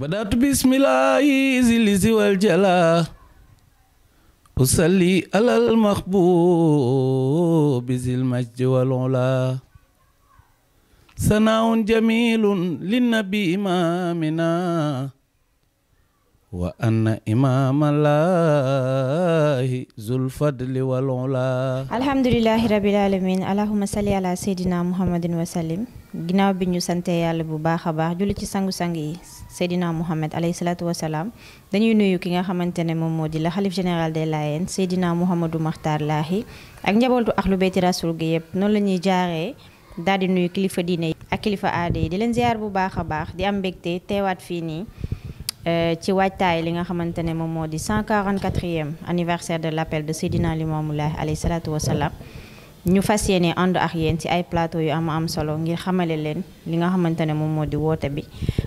بدأت بسم الله ذي والجلال أصلي على المحبوب ذي المجد والعلا ثناء جميل للنبي إمامنا وأن إمام الله ذو الفضل والعلا الحمد لله رب العالمين اللهم صل على سيدنا محمد وسلم ginnaaw bi ñu sante yàlla bu baax a baax julli ci sangu-sang yi Seydina Mouhamed alayhi salaatu wasalaam dañuy nuyu ki nga xamante ne moom moo di la xalif général des Layènes Seydina Mouhamadou Makhtar Lahi ak njabootu Ahlu Beyti Rasul gi yëpp noonu la ñuy jaaree daal di nuyu kilifa diine yi ak kilifa aada yi di leen ziar bu baax a baax di am mbégte teewaat fii nii eh, ci waajtaay li nga xamante ne moom moo di 144e anniversaire de l' appel de Seydina Limamou Lahi alayhi salaatu wasalaam ñu fas yéene ànd ak yéen ci ay plateau yu am am solo ngir xamale leen li nga xamante ne moom moo di woote bi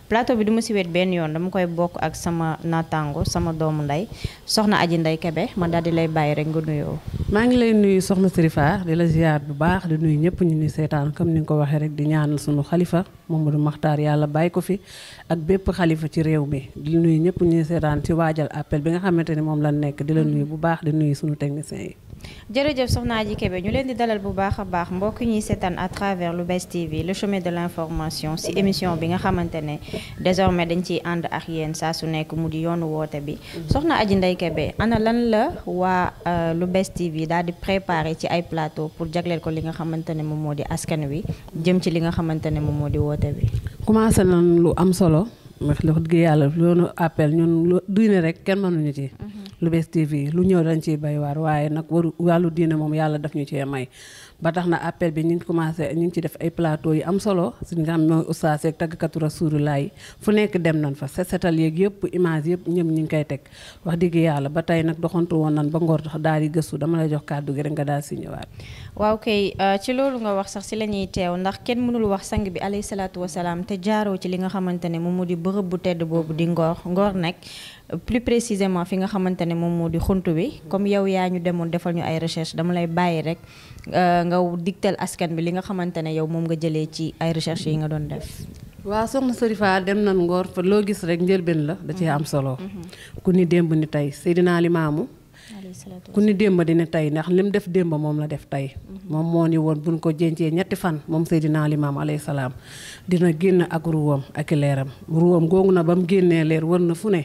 plateau bi du ma si wet benn yoon dama koy bokk ak sama naataango sama doomu ndey soxna Aji Ndey Kebe daal di lay bàyyi rek nga nuyoo. maa ngi lay nuyu soxna Sirifa di la ziar bu baax di nuyu ñëpp ñu ni seetaan comme ni nga ko waxee rek di ñaanal sunu xalifa Mamadou Makhtar yàlla bàyyi ko fi ak bépp xalifa ci réew mi di nuyu ñëpp ñu seetaan ci waajal appel bi nga xamante ni moom la nekk di la nuyu bu baax di nuyu sunu techniciens yi. jërëjëf soxna Adji Kébé ñu leen di dalal bu baax a baax mbokk ñuy seetaan à travers Lou'Bess TV le chemin de l'information si émission bi nga xamante ne désormais dañ ciy ànd ak yéen saa su nekk mu di yoonu woote bi soxna Adji Ndeye Kébé ana lan la waa lu euh, Lou'Bess TV daal di préparé ci ay plateau pour jagleel ko li nga xamante ne moom moo di askan wi jëm ci li nga xamante ne moom moo di woote bi commencé na lu am solo ndax dëgg yàlla loolu appel ñun duy ne rek kenn mënuñu ci mhm. Lou'Bess TV lu ñëw dañ ciy bay waar waaye nag waru wàllu diine moom yàlla daf ñu cee may ba tax na appel bi ñu ngi ñu ngi ci def ay plateau yu am solo suñ nga xam mooy ustaas yeeg tàggkatu fu nekk dem nañ fa setal yeeg yëpp image yëpp ñëm ñu ngi koy teg wax dëgg yàlla ba tey nag doxantu woon nan ba ngoor daal di gëstu dama lay jox kàddu gi rek nga daal si ñëwaat waaw kay euh, ci loolu nga wax sax si la ñuy teew ndax kenn mënul wax sang bi alayhi salaatu wasalaam te jaaroo ci li nga xamante ne moom moo di bërëb bu tedd boobu di ngoor ngoor nekk plus précisément fi nga xamante ne moom moo di xunt bi comme yow yaa ñu demoon defal ñu ay recherche dama lay bàyyi rek euh, nga digteel askan bi li nga xamante ne yow moom nga jëlee ci ay recherche yi nga doon def. waaw soxna Sarifa dem nan ngoor loo gis rek njëlbeen la da cee am solo. Mhm. ku ni démb ni tey Seydina Limaamu ku ni démb dina tey ndax lim def démb moom la def tey. Mhm. moom moo ni woon buñ ko jëncee ñetti fan moom Seydina Limaam alayhi salaam dina génn ak ruwam ak leeram ruwam googu na ba mu génnee leer wër na fu ne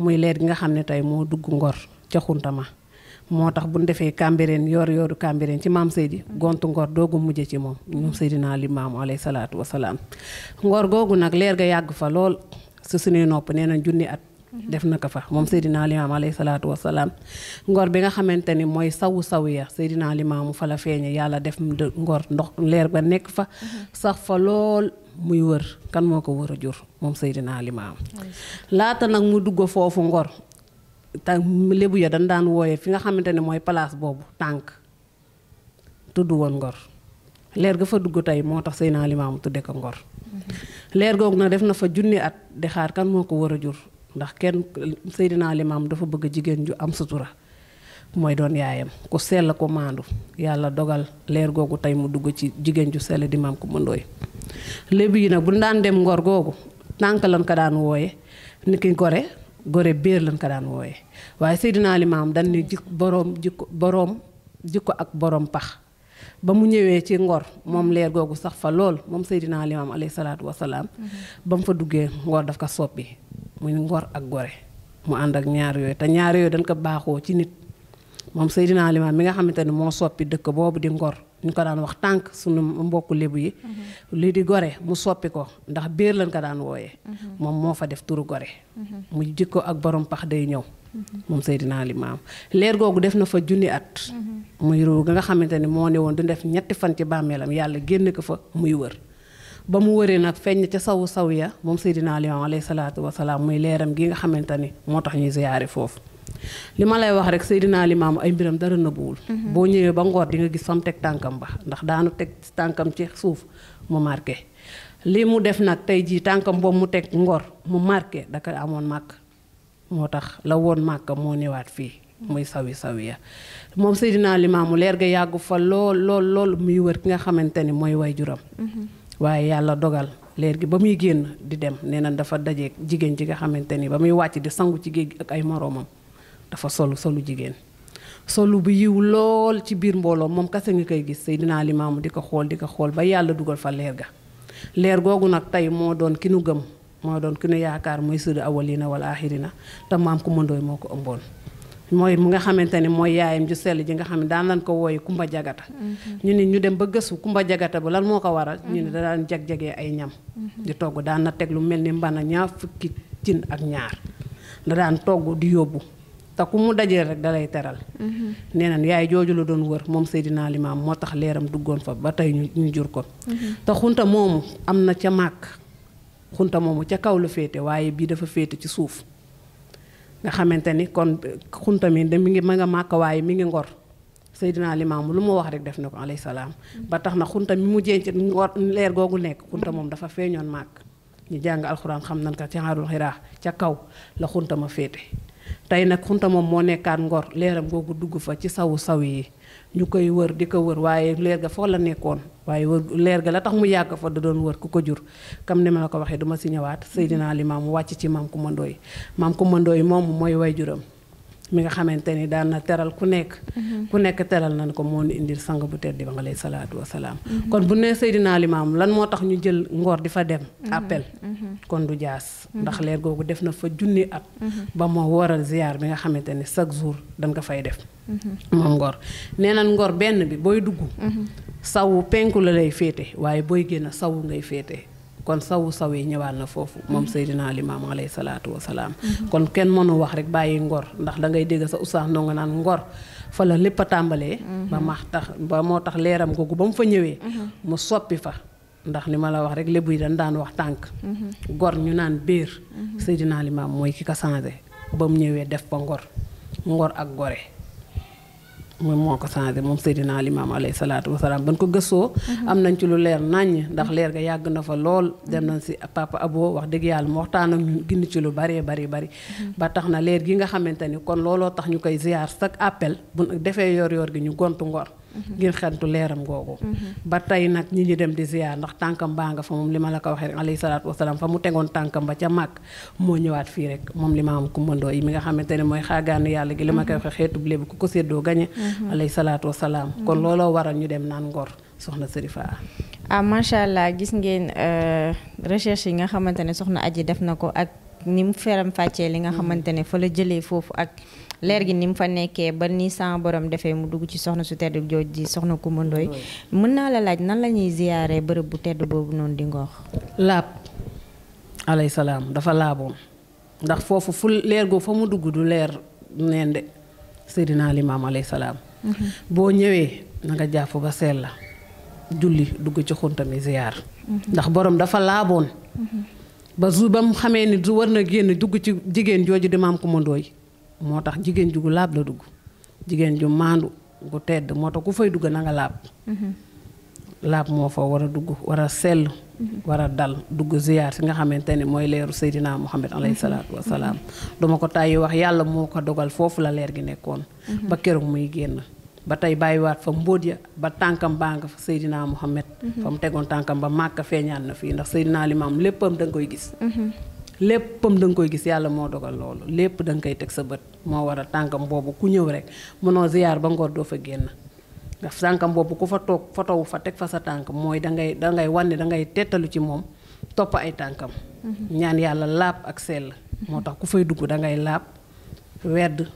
muy leer gi nga xam ne tey moo dugg ngor ca xuntama moo tax bu ñu defee Cambérène yoor yooru Cambérène ci maam Seydi gontu ngor doogu mujje ci moom ñoom Seydina Limaamu alayhi salaatu wasalaam ngor googu nag leer ga yàgg fa lool su suñuy nopp nee nañ junni at def na ko fa moom Seydina Limaamu alayhi salaatu wasalaam ngor bi nga xamante ni mooy sawu saw ya naa Limaamu fa la feeñe yàlla def ngor ndox leer ba nekk fa sax fa lool muy wër kan moo ko war a jur moom naa Limaamu laata nag mu dugg foofu ngor tànk lébu ya dañ daan wooyee fi nga xamante ne mooy palaas boobu tànk tudd woon ngor leer ga fa dugg tey moo tax Seydina Limaamu tudde ko ngor leer googu nag def na fa junni at di xaar kan moo ko war a jur ndax kenn naa Limaam dafa bëgg jigéen ju am sutura mooy doon yaayam ku sell ko maandu yàlla dogal leer googu tey mu dugg ci jigéen ju sell di maam ko mëndooy lébu yi nag bu ñu daan dem ngor googu tànk lan ko daan wooye niki gore gore biir lañ ko daan wooyee waaye Seydina Limaam dañ ne jik boroom jikko boroom jikko ak boroom pax ba mu ñëwee ci ngor moom leer googu sax fa lool moom Seydina Limaam alayhi salaatu wasalaam mhm. ba mu fa duggee ngor daf ko soppi muy ngor ak gore mu ànd ak ñaar yooyu te ñaar yooyu dañ ko baaxoo ci nit moom Seydina Limaam mi nga xamante ne moo soppi dëkk boobu di Ngor ñu ko daan wax tànk suñu mbokku lébu yi. Mhm. li di gore mu soppi ko ndax biir lañ ko daan wooye mhm. moom moo fa def turu gore. mu mhm. jikko ak borom day ñëw. moom Seydina Limaam leer googu def na fa junni at. muy ruu nga xamante ne moo ne woon du def ñetti fan bàmmeelam yàlla génn ko fa muy wër. ba mu wëree nag feeñ ca sawu saw ya moom Seydina Limaam alayhi salaatu wa salaam muy leeram gi nga xamante ni moo tax ñuy ziyaare foofu. li ma lay wax rek Seydina Limaamu ay mbiram dara nëbbuwul. Mhm. boo ñëwee ba ngoor di nga gis fam teg tànkam ba ndax daanu teg tànkam ci suuf mu marke li mu def nag tey jii tànkam boobu mu teg ngor mu marqué daka amoon màkk moo tax la woon màkk moo newaat fii muy sawi sawi ya moom Seydina Limaamu leer ga yàggu fa lool lool muy wër ki nga xamante ni mooy way waajuram. Mhm. waaye yàlla dogal. leer gi ba muy génn di dem nee na dafa dajeek jigéen ji nga xamante ni ba muy wàcc di sangu ci géej gi ak ay moroomam dafa solu solu jigéen solu bu yiw lool ci biir mbooloo moom kese nga koy gis Seydina Limaamu di ko xool di ko xool ba yàlla dugal fa leer ga leer googu nag tey moo doon ki nu gëm moo doon ki nu yaakaar muy sëdu awalina wala axirina te maam Kumba Ndooy moo ko ëmboon mooy mu nga xamante ne mooy yaayam ju sell ji nga xam ne daan lañ ko wooye Kumba Jagata mhm. ñu ne ñu dem ba gëstu Kumba Jagata ba lan moo ko waral ñu ne mhm. daan jag-jagee ay ñam mhm. di togg daan teg lu mel ni mbana ñaar fukki cin ak ñaar da daan di yóbbu te ku mu dajee rek dalay teral mhm. nee nañ yaay jooju la doon wër moom Seydina Limaam moo tax leeram duggoon fa ba tey ñu jur ko mhm. te xunta moomu am na ca màkk xunta moomu ca kaw la féete waaye bii dafa féete ci suuf nga xamante ni kon xunta mi de mi ngi ma nga màkk waaye mi ngi ngor Seydina Limaam lu ma wax rek def na ko alayhi salaam mhm. ba tax na xunta mu mu jenc ngor leer googu nekk xunta moom dafa feeñoon màkk ñu jàng alxuraan xam nan ko ci xaarul xiraa ca kaw la xunta ma féete tey nag xunta moom moo nekkaat ngor leeram googu dugg fa ci sawu saw yi ñu koy wër di ko wër waaye leer ga foo la nekkoon waaye wër leer ga la tax mu yàgg fa da doon wër ku ko jur comme ni ma ko waxee duma si ñëwaat Seydina Limaamu wàcc ci maam Kumba Ndooy maam Kumba moom mooy way juram mi nga xamante ni daan na teral ku nekk. Mhm. ku nekk teral nañ ko moo ñu indil sang bu tedd ba nga lay salaatu wa salaam. Mhm. kon bu nee Seydina Limaamu lan moo tax ñu jël ngor di fa dem. Mhm. appel kon du jaas. ndax leer googu def na fa junni at. ba moo waral ziar bi nga xamante ni chaque jour dañ ko fay def. moom ngor nee nañ ngor benn bi booy dugg. sawu penku la lay féete waaye booy génn sawu ngay féete. kon sawu saw yi ñëwaat na foofu mm-hmm. moom Seydina Limaam alayhi salaatu wa salaam. Mm-hmm. kon kenn mënu wax rek bàyyi ngor ndax dangay ngay dégg sa oustaz ndongo naan ngor fa la lépp a tàmbalee. Mm-hmm. ba max tax ba moo tax leeram googu ba mu fa ñëwee. mu soppi fa. ndax li ma la wax rek lébu yi dañ daan wax tànk. gor ñu naan biir. Seydina Limaam mooy ki ko changé ba mu ñëwee def ba ngor ngor ak gore. moom moo ko changé moom Seydina Limaam alayhi salaatu wasalaam ban ko gëstoo. Mhm. am nañ ci lu leer naññ ndax mhm. leer ga yàgg na fa lool dem nañ si papa aboo wax dëgg yàlla mu waxtaan ak ñun gindi ci lu baree bari bari. Mhm. ba tax na leer gi nga xamante ni kon looloo tax ñu koy ziar chaque appel bu defee yor-yor gi ñu gontu ngor. ngir xentu leeram googu ba tey nag ñi ñu dem di ziar ndax tànkam baa nga fa moom li ma la ko waxee rek alayhi salaatu wasalaam fa mu tegoon tànkam ba ca màgg moo ñëwaat fii rek moom li ma am kumbandoo yi mi nga xamante ne mooy xaagaanu yàlla gi li ma koy waxee xeetub lébu ku ko séddoo gañe mhm. alayhi salaatu wasalaam kon mhm. looloo waral ñu dem naan ngor soxna Serifa ah macha allah gis ngeen euh, recherche yi nga xamante ne soxna aji def na ko ak ni mu feram fàccee li nga mhm. xamante ne fa la jëlee foofu ak leer gi ni mu fa nekkee ba ni sama borom defee mu dugg ci soxna su tedd jooj ji soxna Coumba Ndoye mën naa la laaj nan la ñuy ziyaare bërëb bu tedd boobu noonu di ngoox laab alay salaam dafa laaboon ndax foofu fu leer goo fa mu dugg du leer neen de Seydina Limaam alay salaam mhm. boo ñëwee na nga ba seel la julli dugg ci xuntami ziyaar mhm. ndax borom dafa laaboon mhm. ba su ba mu xamee ni du war na génn dugg ci jigéen jooju di Maam Coumba Ndoye moo tax jigéen ju gu laab la dugg jigéen ju maandu gu tedd moo tax ku fay dugg na laab mm-hmm. laab moo fa war a dugg war a sell mm-hmm. war a dal dugg ziyaar si nga xamante ne mooy leeru Seydina Muhammad alayhi mm-hmm. salaatu wasalaam duma ko tàyyi wax yàlla moo ko dogal foofu la leer gi nekkoon ba keroog muy génn ba tey bàyyiwaat fa mbóot ya ba tànkam baa nga fa Seydina Muhammad fa mu tegoon tànkam ba màkk feeñaan na fii ndax seydinaa Limaam léppam da nga koy gis léppam da nga koy gis yàlla moo dogal loolu lépp danga koy teg sa bët moo waral tànkam boobu ku ñëw rek mënoo ziyaar ba ngoor doo fa génn ndax tànkam boobu ku fa toog fotowu fa teg fa sa tànk mooy dangay dangay wanne dangay tetalu ci moom topp ay tànkam mhm. ñaan yàlla làpp ak sell moo tax ku fay dugg dangay laab wedd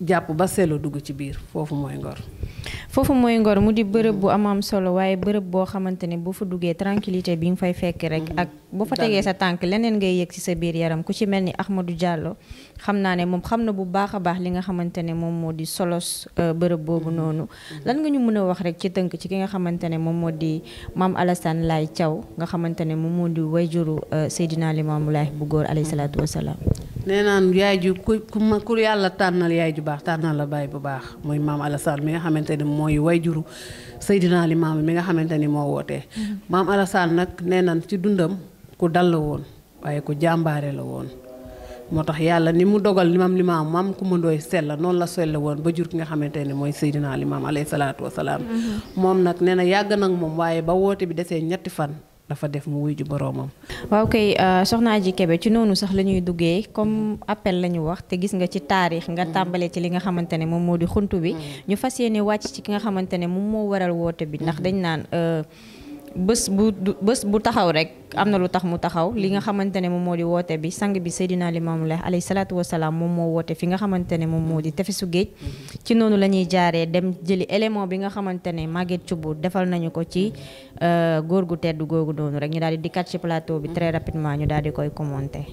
jàpp ba sell dugg ci biir foofu mooy ngor foofu mooy ngor mu di bërëb bu am am solo waaye bërëb boo xamante ne boo fa duggee tranquillité bi nga fay fekk rek mm-hmm. ak boo fa tegee sa tànk leneen ngay yëg ci sa biir yaram ku ci mel ni Ahmadou Diallo xam naa ne moom xam na bu baax a baax li nga xamante ne moom moo di solos euh, bërëb boobu mm-hmm. noonu mm-hmm. lan nga ñu mën a wax rek ci tënk ci ki nga xamante ne moom moo di Mame Alassane Laye caw nga xamante ne moom moo di wayjuru euh, Seydina Limamou Laye bu góor alayhi salaatu nee naan yaay ju ku ku yàlla tànnal yaay ju baax tànnal la bàyyi bu baax muy maam Alassane mi nga xamante ni mooy way wayjuru Seydina Limaamu mi nga xamante ni moo wootee. Mm-hmm. maam Alassane nag nee naan ci dundam ku dal la woon waaye ku jàmbaare la woon. moo tax yàlla ni mu dogal limam limaam maam ku mandooy sella noonu la sella woon ba jur ki nga xamante ni mooy Seydina Limaam alayhi salaatu wa salaam. Mm-hmm. moom nag nee na yàgg nag moom waaye ba woote bi desee ñetti fan. dafa def mu wuy ju boroomam. waaw kay euh, soxna Adji Kébé ci noonu sax la ñuy duggee comme appel la ñu wax te gis nga ci taarix nga tàmbalee ci li nga xamante ne moom moo di xunt bi mm. ñu fas yéene wàcc ci ki nga xamante ne moom moo waral woote bi ndax mm. dañ naan euh, bés bu bés bu taxaw rek am na lu tax mu taxaw li nga xamante ne moom moo di woote bi sang bi Seydina Limaamu Laay alayhi salaatu wasalaam moom moo woote fi nga xamante ne moom moo di tefesu géej ci noonu la ñuy jaaree dem jëli élément bi nga xamante ne Maguette Thioub defal nañu ko ci euh, góor gu tedd googu doonu rek ñu daal di dikkaat ci plateau bi très rapidement ñu daal di koy commenter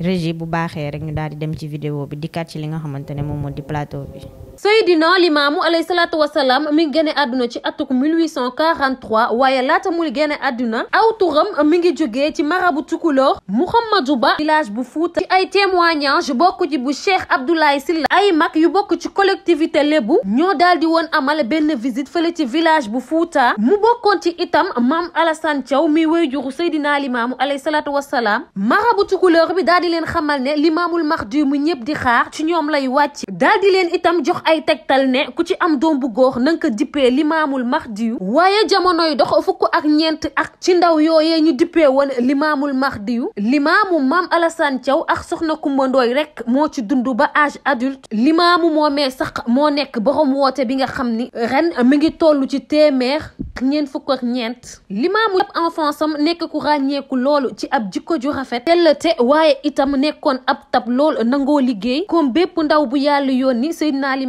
régie bu baaxee rek ñu daal di dem ci vidéo bi dikkaat ci li nga xamante ne moom moo di bi Seydina Limaamu alayhi salaatu wasalaam mi ngi génne àdduna ci atuk 1843 waaye laata muy génne àdduna aw turam mi ngi jógee ci marabu tukulóor Mouhamadou Ba village bu Fuuta ci ay témoignage bokk ci bu Cheikh Abdoulaye Sylla ay mag yu bokk ci collectivité lébu ñoo daal di woon amal benn visite fële ci village bu Fuuta mu bokkoon ci itam maam Alassane Thiaw mi wéyjuru Seydina Limaamu alayhi salaatu wasalaam marabu tukulóor bi daal di leen xamal ne Limaamul Mahdi mu ñëpp di xaar ci ñoom lay wàcc daal di leen itam jox ay tegtal ne ku ci am doom bu góor na nga ko dippee limaamul mahdiyu waaye jamonoy dox fukk ak ñeent ak ci ndaw yooyee ñu dippee woon limaamul mahdiyu limaamu maam Alassane Thiaw ak soxna Kumba Ndooy rek moo ci dund ba âge adulte limaamu moomee sax moo nekk borom woote bi nga xam ni ren mi ngi tollu ci téeméer ak ñeent fukk ak ñeent limaamu ab enfance am nekk ku ràññeeku loolu ci ab jikko ju rafet tellte waaye itam nekkoon ab tab lool nangoo liggéey comme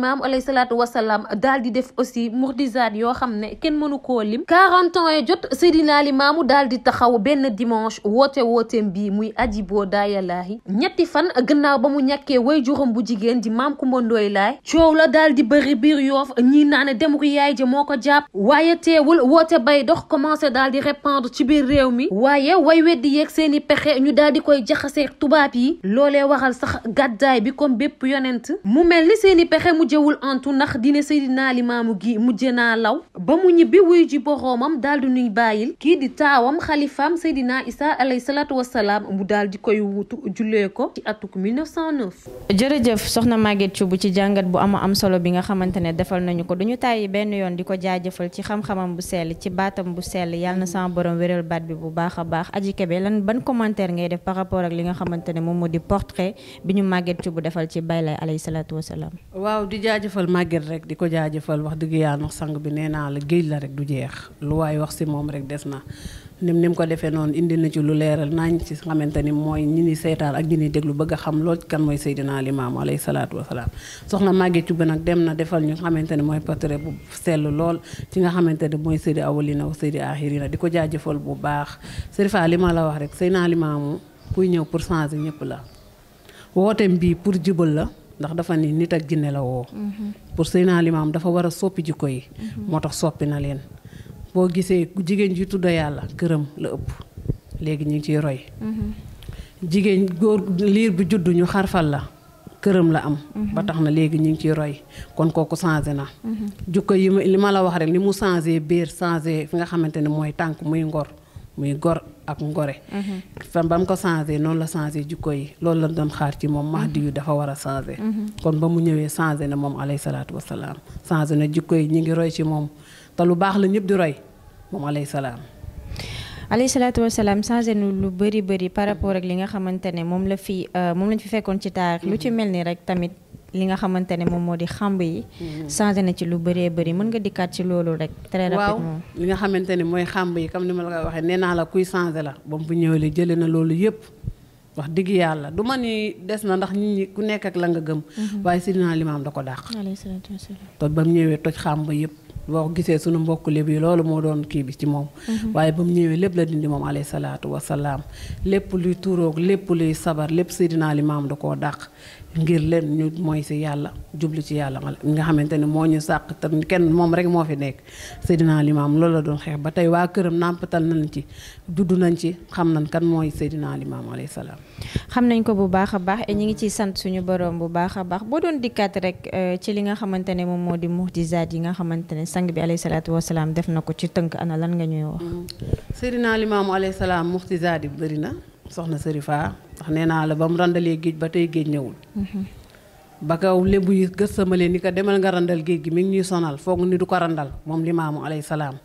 imaam alayhi salaatu wasalaam daal di def aussi murdisaat yoo xam ne kenn mënu koo lim 40 ans yi jot Seydina Limaamu daal di taxaw benn dimanche woote wooteem bii muy aji boo daayalaahi ñetti fan gannaaw ba mu ñàkkee way juróom bu jigéen di maam Kumba Ndooy laay coow la daal di bëri biir yoof ñii naan dem ko yaay ja moo ko jàpp waaye teewul woote bay dox commencé daal di répandre ci biir réew mi waaye way weddi yeeg seen i pexe ñu daal di koy jaxasee tubaab yi loolee waral sax gàddaay bi comme bépp yonent mujjewul antu ndax dine Seydina Limaamu gi mujje naa law ba mu ñibbi wuyu ji boroomam daal di nuy bàyyil kii di taawam xalifaam Seydina Isa alayhi salaatu wasalaam mu daal di koy wutu jullee ko ci atuk 1909. jërëjëf soxna Maguette Thioub ci jàngat bu ama am solo bi nga xamante ne defal nañu ko duñu tàyyi benn yoon di ko jaajëfal ci xam-xamam bu sell ci baatam bu sell yàlla na sama borom wéral baat bi bu baax a baax aji kebe lan ban commentaire ngay def par rapport ak li nga xamante ne moom moo di portrait bi ñu Maguette Thioub defal ci Baye Laye alayhi salaatu wasalaam waaw jaajëfal màgget rek di ko jaajëfal wax dëgg yàlla ndax sang bi nee naa la géej la rek du jeex lu waay wax si moom rek des na. nim ni mu ko defee noonu indi na ci lu leeral naañ ci xamante ni mooy ñi ni seetaan ak ñi ni déglu bëgg a xam lool kan mooy Seydina Limaamu alayhi salaatu wa salaam soxna Maguette Thioub nag dem na defal ñu xamante ne mooy portrait bu sell lool ci nga xamante ne mooy Seydi Awalina wa Seydi Axirina di ko jaajëfal bu baax Serigne Fall li ma la wax rek Seydina Limaamu kuy ñëw pour changer ñëpp la wooteem bii pour jubal la. ndax dafa ni nit ak jinne la woo mm-hmm. pour ma am dafa war a soppi jukko yi mm-hmm. moo tax soppi na leen boo gisee jigéen ji tudda yàlla këram la ëpp léegi ñu ngi ciy roy mm-hmm. jigéen góor liir bu juddu ñu xarfal la këram la am ba tax na léegi ñu ngi ciy roy kon kooku changé na jukko yi li ma la wax rek li mu changé biir changé fi nga xamante ne mooy tànk muy ngor muy gor ak ngore. fan ba mu ko changé noonu la changé jikko yi loolu lañ doon xaar ci moom Mahdi mm-hmm. yu dafa war a changé. Mm-hmm. kon ba mu ñëwee changé na moom alayhi salaatu wa salaam changé na jikko yi ñu ngi roy la ñëpp di roy moom alayhi salaam. alayhi nu lu bëri bëri par rapport ak li nga xamante ne moom la fi euh, moom lañ fi fekkoon ci taarix lu ci mel ni rek tamit. li nga xamante ne moom moo di xamb yi. Mm-hmm. changé na ci lu bëree bari mën nga dikkaat ci loolu rek. très rapidement waaw li nga xamante ne mooy xamb yi comme ni ma la koy waxee nee naa la kuy changé la ba bu ñëwee jëlee na loolu yëpp wax digg yàlla du ma ni des na ndax nit ñi ku nekk ak la nga gëm. Mm-hmm. waaye si Seydina Limaam da ko dàq. alayhi salaatu ba mu ñëwee toj xamb yëpp. boo ko gisee suñu mbokk léb yi loolu moo doon kii bi ci moom mhm. waaye ba mu ñëwee lépp la dindi moom alayhi salaatu wasalaam lépp luy turoog lépp luy sabar lépp Seydina Limaam da koo dàq ngir leen ñu mooy si yàlla jublu ci yàlla nga xamante ne moo ñu sàq te kenn moom rek moo fi nekk Seydina Limaam loolu la doon xeex ba tey waa këram nàmpatal nañ ci dudd nañ ci xam nañ kan mooy Seydina Limaam alayhi salaam xam nañ ko bu baax baax et ñi ngi sant suñu borom bu baax a baax euh, li nga xamante ne moom moo di muxjisaat yi nga xamante sang bi alayhi salaam def na ko ci tënk ana lan nga ñuy wax. Mm-hmm. Seydina Limaamu alayhi salaam muxtisaat yi bëri na soxna Serifa ndax nee naa la ba mu randalee géej ba tey géej ñëwul. Mm-hmm. ba kaw lébu yi leen di ko demal nga randal géej gi mi ngi ñuy sonal foog ni du ko randal moom Limaamu alayhi salaam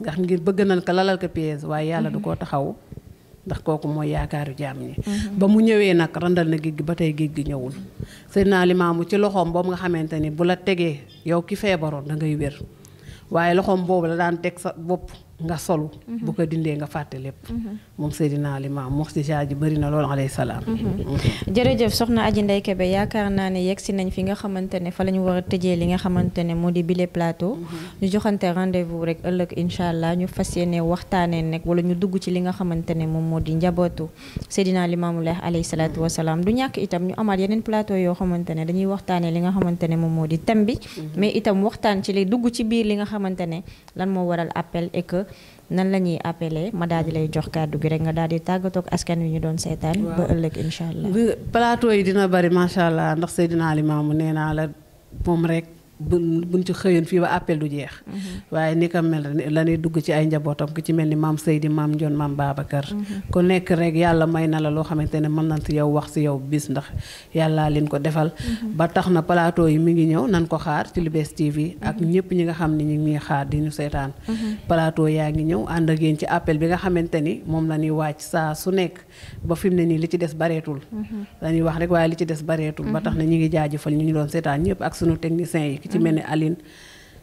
ndax ngir bëgg nañ ko lalal ko piège waaye yàlla du ko mm-hmm. taxaw. ndax kooku mooy yaakaaru jaam ñi ba mu ñëwee nag randal na géej gi ba tey géej gi ñëwul seen naa limaamu ci loxoom boobu nga xamante ni bu la tegee yow ki feebaroon da wér waaye loxoom boobu la daan teg sa bopp nga solu mhm. bu ko dindee nga fàtte lépp mhm. moom Seydina Limaam muxtija ji bëri na loolu alayhi salaam mhm. jërëjëf soxna Adji Ndeye Kébé yaakaar naa ne yegg si nañ fi nga xamante ne fa la ñu war a li nga xamante ne moo di bile plateau joxante rendez-vous rek ëllëg incha allah ñu fas yéene waxtaanee nekk wala ñu dugg ci li nga xamante ne moom moo di njabootu Seydina Limaamu Laay alayhi salaatu wasalaam du ñàkk itam ñu amaat yeneen plateau yoo xamante ne dañuy waxtaanee li nga xamante ne moom moo di thème bi mais itam waxtaan ci li dugg ci biir li nga xamante ne lan moo waral appel et nan la ñuy appelé ma daal di lay jox kàddu gi rek nga daal di tàggatoo ak askan wi ñu doon seetaan. ba ëllëg incha allah. yi dina bari macha allah ndax Seydina Limamou nee naa la moom rek. buñ buñ ci xëyoon fii ba appel du jeex. Mm-hmm. waaye ni ka mel la ñuy dugg ci ay njabootam ku ci mel ni maam Seydi maam Ndion maam Babacar. Mm-hmm. ku nekk rek yàlla may na la loo xamante ne mën nañ si yow wax si yow bis ndax yàllaa leen ko defal. Mm-hmm. ba tax na plateau yi mi ngi ñëw nan ko xaar ci Lou'Bess TV. ak ñëpp ñi xam ne ñu ngi xaar di ñu seetaan. plateau yaa ngi ñëw ànd ak yéen ci appel bi nga xamante ni moom la ñuy wàcc saa su nekk ba fi mu ne nii li ci des bareetul. dañuy wax rek waaye li ci des bareetul. ba tax na ñu ngi jaajëfal ñu ngi doon seetaan ñëpp ak sunu technicien yi ci mel ni Aline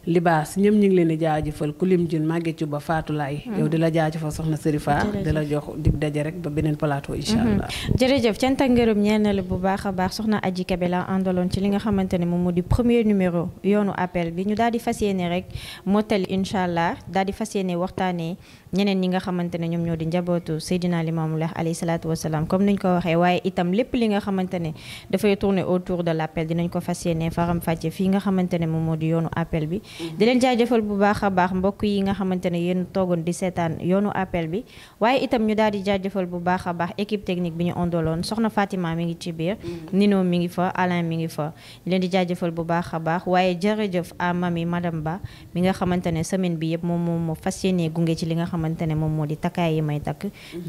libaas ñoom ñu ngi leen di jaajëfal ku lim jun màgget yu ba faatulaay mm. yow di la jaajëfal soxna Serifa di la jox di daje rek ba beneen plateau incha mm-hmm. allah jërëjëf cant ak ngërëm ñeena la bu baax a baax soxna Adji Kebe la àndaloon ci li nga xamante ne moom moo di premier numéro yoonu appel bi ñu daal di fas yéene rek mottali incha allah daal di fas yéene waxtaanee ñeneen ñi nga xamante ne ñoom ñoo di njabootu Seydina Limamou Laye alayhi salaatu wasalaam comme niñ ko waxee waaye itam lépp li nga xamante ne dafay tourner autour de l' appel dinañ ko fas yéene faram fàcce fii nga xamante ne moom moo di yoonu appel bi mm-hmm. di leen jaajëfal bu baax a baax mbokk yi nga xamante ne yéen toogoon di seetaan yoonu appel bi waaye itam ñu daal di jaajëfal bu baax a baax équipe technique bi ñu ondoloon soxna Fatima mi ngi ci biir mm-hmm. Nino mi ngi fa Alain mi ngi fa ñu leen bu baax a baax waaye jërëjëf à mami madame Ba nga xamante ne semaine bi yëpp moom moo fas yéene gunge ci li nga xamante xamante ne moom moo di takkaay yi may takk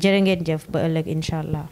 jërë ngeen jëf ba ëllëg incha allah